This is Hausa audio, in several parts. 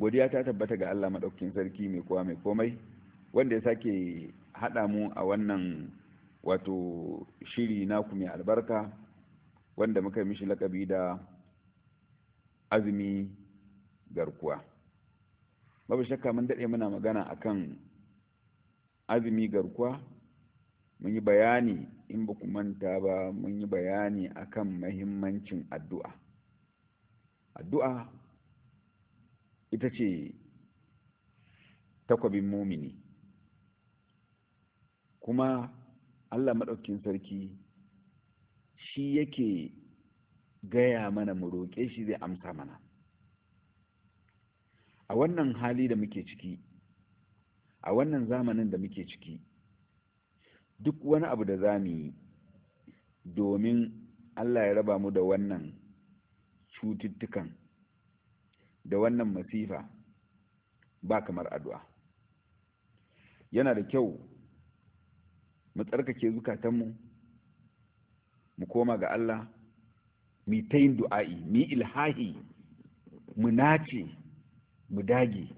godiya ta tabbata ga Allah madaukakin sarki mai kowa mai komai wanda ya sake haɗa mu a wannan wato shiri na ku mai albarka wanda muka mishi lakabi da azumi garkuwa babu shakka mun daɗe muna magana akan azumi garkuwa mun yi bayani in ba ku manta ba mun yi bayani akan mahimmancin addu'a addu'a ita ce takwabin mumini kuma allah maɗaukin sarki shi yake gaya mana mu roƙe shi zai amsa mana a wannan hali da muke ciki a wannan zamanin da muke ciki duk wani abu da za mu yi domin allah ya raba mu da wannan cututtukan da wannan masifa ba kamar addu'a yana da kyau mu tsarkake zukatanmu mu mu koma ga Allah mi ta yin du'a'i mi ilhahi mu nace mu dage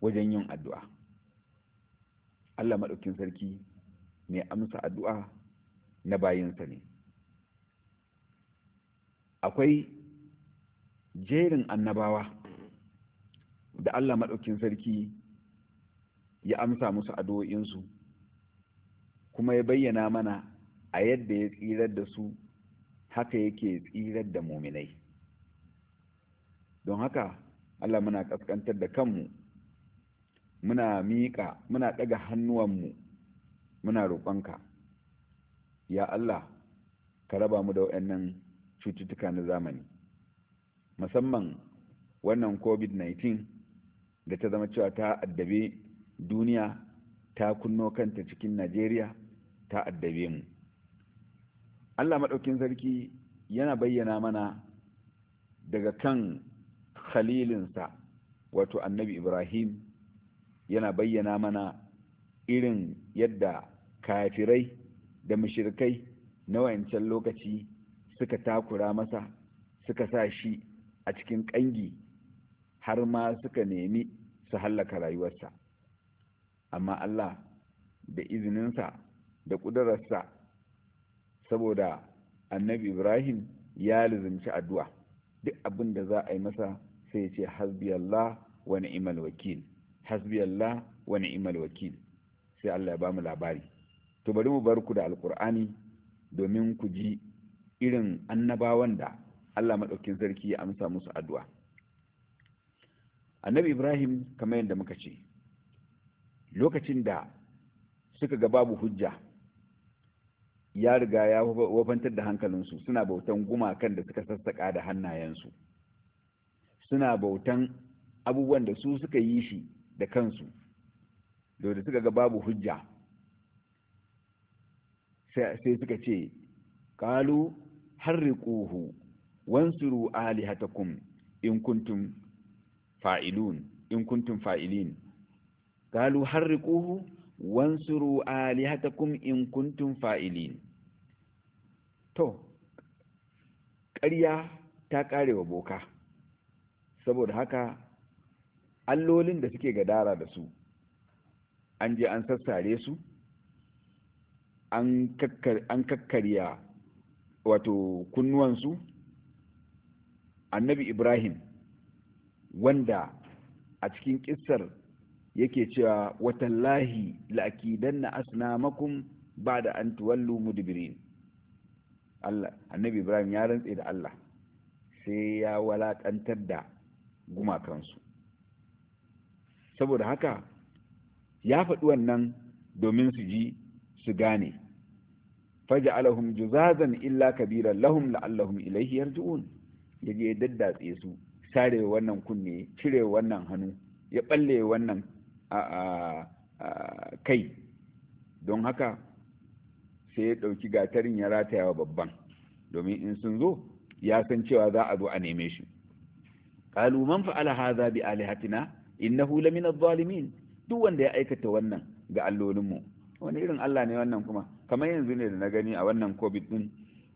wajen yin addu'a Allah maɗaukin sarki mai amsa addu'a na bayansa ne akwai jerin annabawa da Allah maɗaukin sarki ya amsa musu addu'o'insu kuma ya bayyana mana a yadda ya tsirar da su haka yake tsirar da muminai don haka Allah muna kaskantar da kanmu muna miƙa muna ɗaga hannuwanmu muna roƙonka ya Allah ka raba mu da waɗannan cututtuka na zamani musamman wannan covid-19 da ta zama cewa ta addabe duniya ta kunno kanta cikin najeriya ta addabe mu allah maɗaukin sarki yana bayyana mana daga kan khalilinsa wato annabi ibrahim yana bayyana mana irin yadda kafirai da mashirkai na wayancan lokaci suka takura masa suka sa shi a cikin ƙangi har ma suka nemi su hallaka rayuwarsa amma Allah da izininsa da ƙudurarsa saboda annabi ibrahim ya lizinci addu'a duk abin da za a yi masa sai ce hasbiyallah wa ni'mal wakil hasbiyallah wa ni'mal wakil sai Allah ya ba mu labari to bari mu bar ku da alkur'ani domin ku ji irin annabawan da Allah maɗaukin sarki ya amsa musu addu'a annabi ibrahim kamar yadda muka ce lokacin da suka ga babu hujja ya riga ya wafantar da hankalinsu suna bautan gumakan da suka sassaƙa da hannayensu suna bautan abubuwan da su suka yi shi da kansu da suka ga babu hujja sai suka ce ƙalu harriƙuhu wansuru alihatakum in kuntum fa'ilun in kuntum fa'ilin qalu harriquhu wansuru alihatakum in kuntum fa'ilin to ƙarya ta karewa boka saboda haka allolin da suke gadara da su an je an sassare su an kakkarya wato kunnuwansu annabi ibrahim wanda a cikin kissar yake cewa watallahi la'akidanna ba da an tuwallu mudbirin Allah annabi ibrahim ya rantse da Allah sai ya walaƙantar da gumakansu saboda haka ya faɗi wannan domin su ji su gane faja alahum juzazan illa kabiran lahum la'allahum ilaihiyar yarji'un ya je daddatse su sare wannan kunne cire wannan hannu ya balle wannan kai don haka sai ya ɗauki gatarin ya rataya wa babban domin in sun zo ya san cewa za a zo a neme shi qalu man fa'ala hadha bi alihatina innahu lamina adh-dhalimin duk wanda ya aikata wannan ga allolinmu wani irin Allah ne wannan kuma kamar yanzu ne da na gani a wannan covid din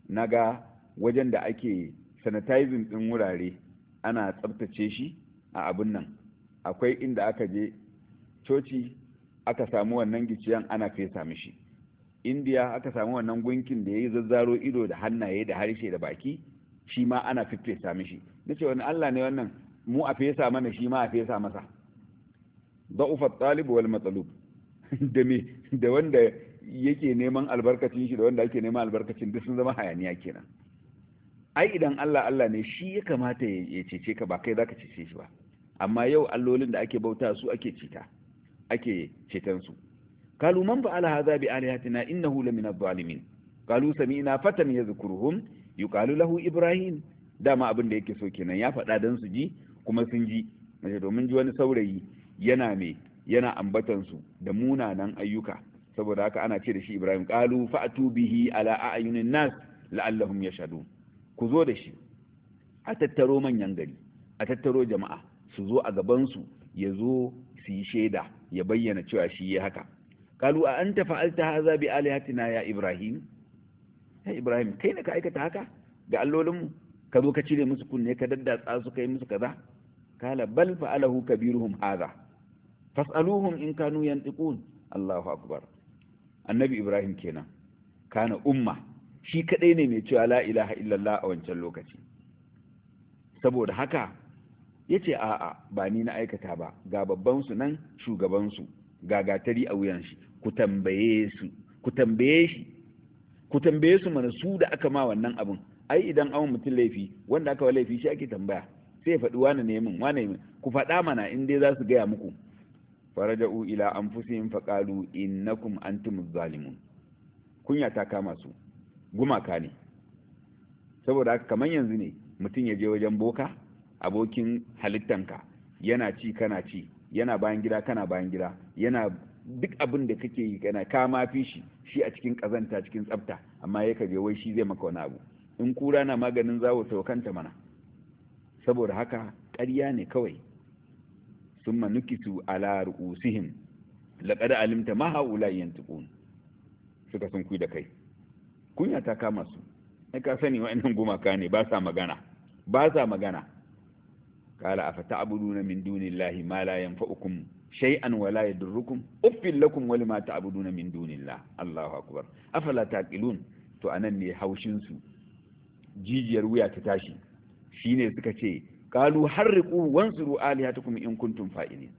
naga wajen da ake sanitizing ɗin wurare ana tsabtace shi a abin nan akwai inda aka je coci aka samu wannan giciyan ana fesa mishi indiya aka samu wannan gunkin da ya yi zazzaro ido da hannaye da harshe da baki shi ma ana fiffesa mishi na ce wani allah ne wannan mu a fesa mana shi ma a fesa masa za'ufar talibu wal matsalub da me da wanda yake neman albarkacin shi da wanda ake neman albarkacin duk sun zama hayaniya kenan ai idan Allah Allah ne shi ya kamata ya cece ka ba kai zaka cece shi ba amma yau allolin da ake bauta su ake cita ake cetan su kalu man fa'ala hadha bi alihatina innahu lamina adh-dhalimin kalu sami'na fatan yadhkuruhum yuqalu lahu ibrahim dama abin da yake so kenan ya faɗa dan su ji kuma sun ji mace domin ji wani saurayi yana me yana ambatan su da munanan ayyuka saboda haka ana ce da shi ibrahim kalu fa'tu bihi ala a'yunin nas la'allahum shadu. ku zo da shi a tattaro manyan gari a tattaro jama'a su zo a gabansu ya zo su yi shaida ya bayyana cewa shi ya haka kalu a anta fa'alta haza bi alihatina ya ibrahim ya ibrahim kai ne ka aikata haka ga allolinmu ka zo ka cire musu kunne ka daddatsa su kai musu kaza kala bal alahu kabiruhum haza fas'aluhum in kanu yantiqun Allahu akbar annabi ibrahim kenan kana umma shi kaɗai ne mai cewa la a wancan lokaci saboda haka yace a'a ba ni na aikata ba ga babban su nan shugaban ga gatari a wuyan shi ku tambaye su ku tambaye shi ku tambaye su mana su da aka ma wannan abin ai idan an mutum laifi wanda aka wa laifi shi ake tambaya sai ya faɗi wani wani ku faɗa mana in dai za su gaya muku faraja'u ila anfusihim faqalu innakum antumuz zalimun kunya ta kama su gumaka ne saboda haka kamar yanzu ne mutum ya je wajen boka abokin halittanka yana ci kana ci yana bayan gida kana bayan gida yana duk abin da kake yi kana ka ma fi shi shi a cikin kazanta cikin tsafta amma ya kaje wai shi zai maka wani abu in kura na maganin zawo saukanta mana saboda haka ƙarya ne kawai sun manukitu ala ru'usihim laqad alimta ma haula yantiqun suka sun kui da kai kunya ta kama su ai ka sani wa'annan gumaka ne ba sa magana ba sa magana qala afata'buduna min dunillahi ma la yanfa'ukum shay'an wa la yadurrukum uffil lakum wa lima ta'buduna min dunillah Allahu akbar afala taqilun to anan ne haushin su jijiyar wuya ta tashi shine suka ce 'Kalu qalu harriqu wansuru alihatakum in kuntum fa'ilin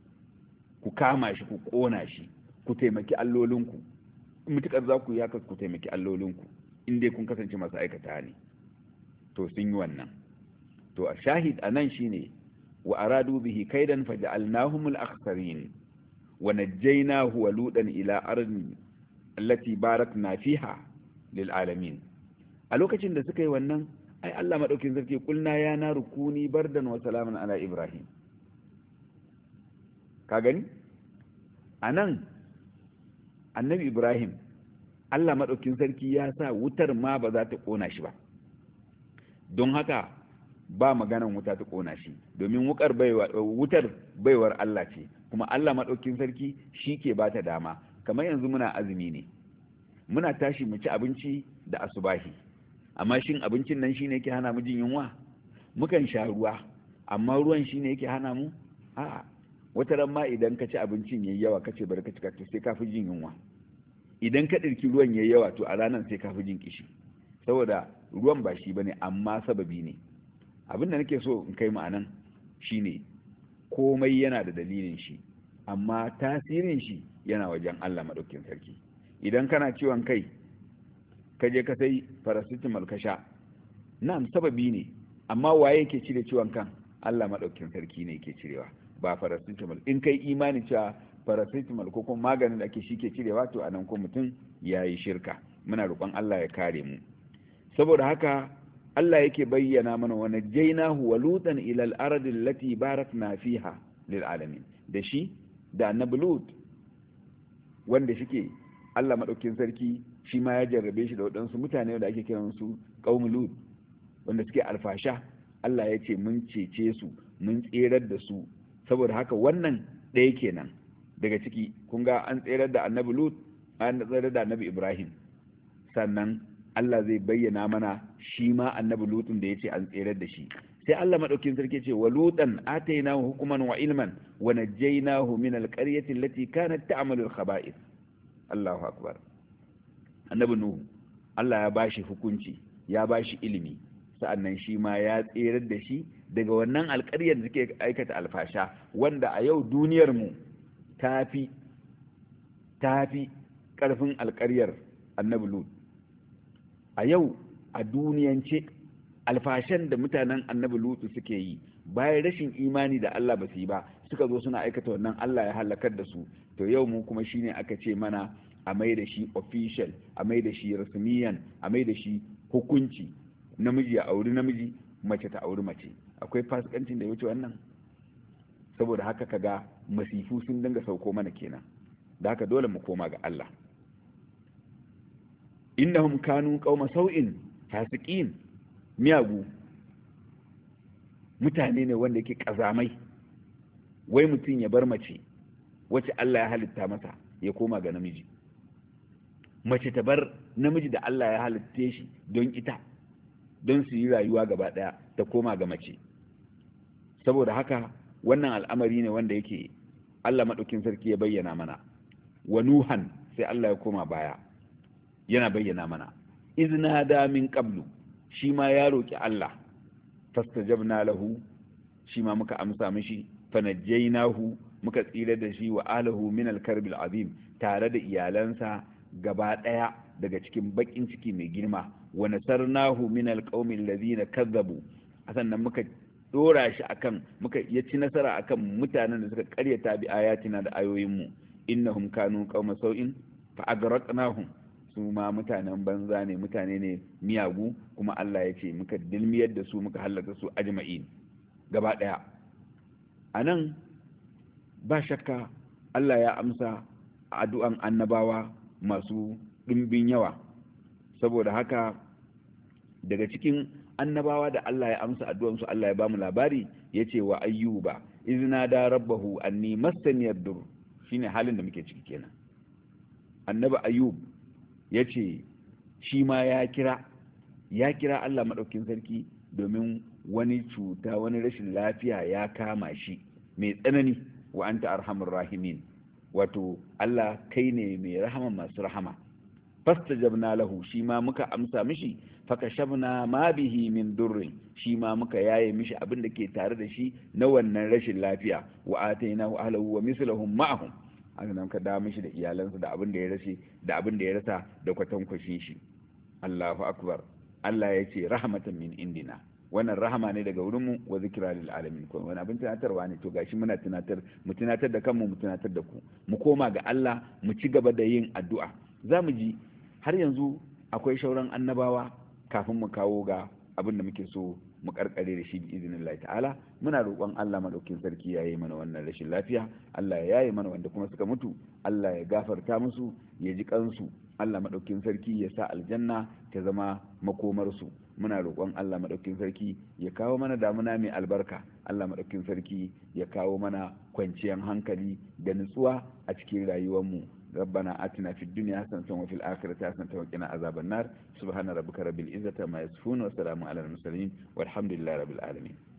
ku kama shi ku kona shi ku taimaki allolinku mutukar za ku yi haka ku taimaki allolinku in dai kun kasance masu aikata ne to sun yi wannan to a shahid a nan shi ne wa aradu bihi kaidan faja'alnahum al-akhsarin wa najjaynahu wa ludan ila ardin allati barakna fiha lil alamin a lokacin da suka yi wannan ai Allah maɗaukin sarki kulna ya na rukuni bardan wa salaman ala ibrahim ka gani nan, annabi ibrahim Allah maɗaukin sarki ya sa wutar ma ba za ta ƙona shi ba don haka ba maganan wuta ta ƙona shi domin wutar baiwar Allah ce kuma Allah maɗaukin sarki shi ke ba ta dama kamar yanzu muna azumi ne muna tashi mu ci abinci da asubahi amma shin abincin nan shi ne yake hana mu jin yunwa mukan sha ruwa amma ruwan shi ne yake hana mu a'a wata ma idan ka ci abincin yayi yawa kace bari ka ci sai ka fi jin yunwa idan ka ɗirki ruwan ya yawa to a ranar sai ka fi jin kishi saboda ruwan ba shi ba ne amma sababi ne abin da nake so in kai ma'anan shi ne komai yana da dalilin shi amma tasirin shi yana wajen allah maɗaukin sarki idan kana ciwon kai ka je ka sai paracetamol ka sha nan sababi ne amma waye ke cire ciwon kan allah maɗaukin sarki ne ke cirewa ba paracetamol in kai imanin cewa paracetamol ko kuma maganin da ake shike cirewa to anan ko mutum ya yi shirka muna roƙon Allah ya kare mu saboda haka Allah yake bayyana mana wa jaina wa lutan ila al-ardi allati barakna fiha lil alamin da shi da annabi lut wanda shike Allah madaukin sarki shi ma ya jarrabe shi da waɗansu mutane da ake kiran su qaum lut wanda suke alfasha Allah ya ce mun cece su mun tserar da su saboda haka wannan ɗaya kenan daga ciki kun ga an tserar da annabi lut an tserar da annabi ibrahim sannan Allah zai bayyana mana shi ma annabi lutun da ya ce an tserar da shi sai Allah madaukin sarki ce wa lutan atainahu hukuman wa ilman wa najjaynahu min alqaryati allati kanat ta'malu alkhaba'ith Allahu akbar annabi nuhu Allah ya bashi hukunci ya bashi ilimi sa'annan shi ma ya tserar da shi daga wannan alƙaryar da suke aikata alfasha wanda a yau duniyar mu tafi tafi ƙarfin alƙaryar annabi lut a yau a duniyance alfashan da mutanen annabi lutu suke yi bayan rashin imani da Allah ba su yi ba suka zo suna aikata wannan Allah ya halakar da su to yau mu kuma shine aka ce mana a mai da shi official a mai da shi rasmiyan a mai da shi hukunci namiji ya auri namiji mace ta auri mace akwai fasikancin da ya wuce wannan saboda haka kaga masifu sun dinga sauko mana kenan da haka dole mu koma ga Allah innahum kanu qauma sau'in fasiqin miyagu mutane ne wanda yake kazamai wai mutum ya bar mace wacce Allah ya halitta masa ya koma ga namiji mace ta bar namiji da Allah ya halitte shi don ita don su yi rayuwa gaba daya ta koma ga mace saboda haka wannan al'amari ne wanda yake Allah maɗaukin sarki ya bayyana mana wa nuhan sai Allah ya koma baya yana bayyana mana izna da min qablu shi ma ya roki Allah fastajabna lahu shi ma muka amsa mishi nahu, muka tsira da shi wa alahu min alkarbil azim tare da iyalansa gaba ɗaya daga cikin baƙin ciki mai girma wa nahu, min alqaumil ladina kazzabu sannan muka dora shi akan muka ya ci nasara akan mutanen da suka karyata bi ayatina da ayoyinmu innahum kanu qauma sau'in fa agraqnahum su ma mutanen banza ne mutane ne miyagu kuma Allah ya ce muka dilmiyar da su muka hallaka su ajma'in gaba daya anan ba shakka Allah ya amsa addu'an annabawa masu dimbin yawa saboda haka daga cikin annabawa da Allah ya amsa addu'ansu Allah ya bamu labari ya ce wa ayyuba izina da rabbahu anni mastaniyar dur shine halin da muke ciki kenan annaba ayyub ya ce shi ma ya kira ya kira Allah maɗaukin sarki domin wani cuta wani rashin lafiya ya kama shi mai tsanani wa anta arhamur rahimin wato Allah kai ne mai rahama masu rahama fastajabna lahu shi ma muka amsa mishi fakashabna ma bihi min durrin shi ma muka yaye mishi abin da ke tare da shi na wannan rashin lafiya wa wa ahlahu wa mislahum ma'ahum haka nan ka da mishi da iyalansa da abin da ya rashe, da abin da ya rasa da kwashin shi Allahu akbar Allah ya ce rahmatan min indina wannan rahama ne daga wurin mu wa zikra lil alamin kun wani abin tunatarwa ne to gashi muna tunatar mu tunatar da kanmu mu tunatar da ku mu koma ga Allah mu ci gaba da yin addu'a za mu ji har yanzu akwai shauran annabawa kafin mu kawo ga abin da muke so mu karkare da shi bi izinin Allah ta'ala muna roƙon Allah madaukin sarki ya yi mana wannan rashin lafiya Allah ya yaye mana wanda kuma suka mutu Allah ya gafarta musu ya ji kansu Allah madaukin sarki ya sa aljanna ta zama makomarsu muna roƙon Allah madaukin sarki ya kawo mana damuna mai albarka Allah madaukin sarki ya kawo mana kwanciyar hankali da nutsuwa a cikin rayuwarmu ربنا آتنا في الدنيا حسنة وفي الآخرة حسنة وقنا عذاب النار سبحان ربك رب العزة ما يصفون وسلام على المرسلين والحمد لله رب العالمين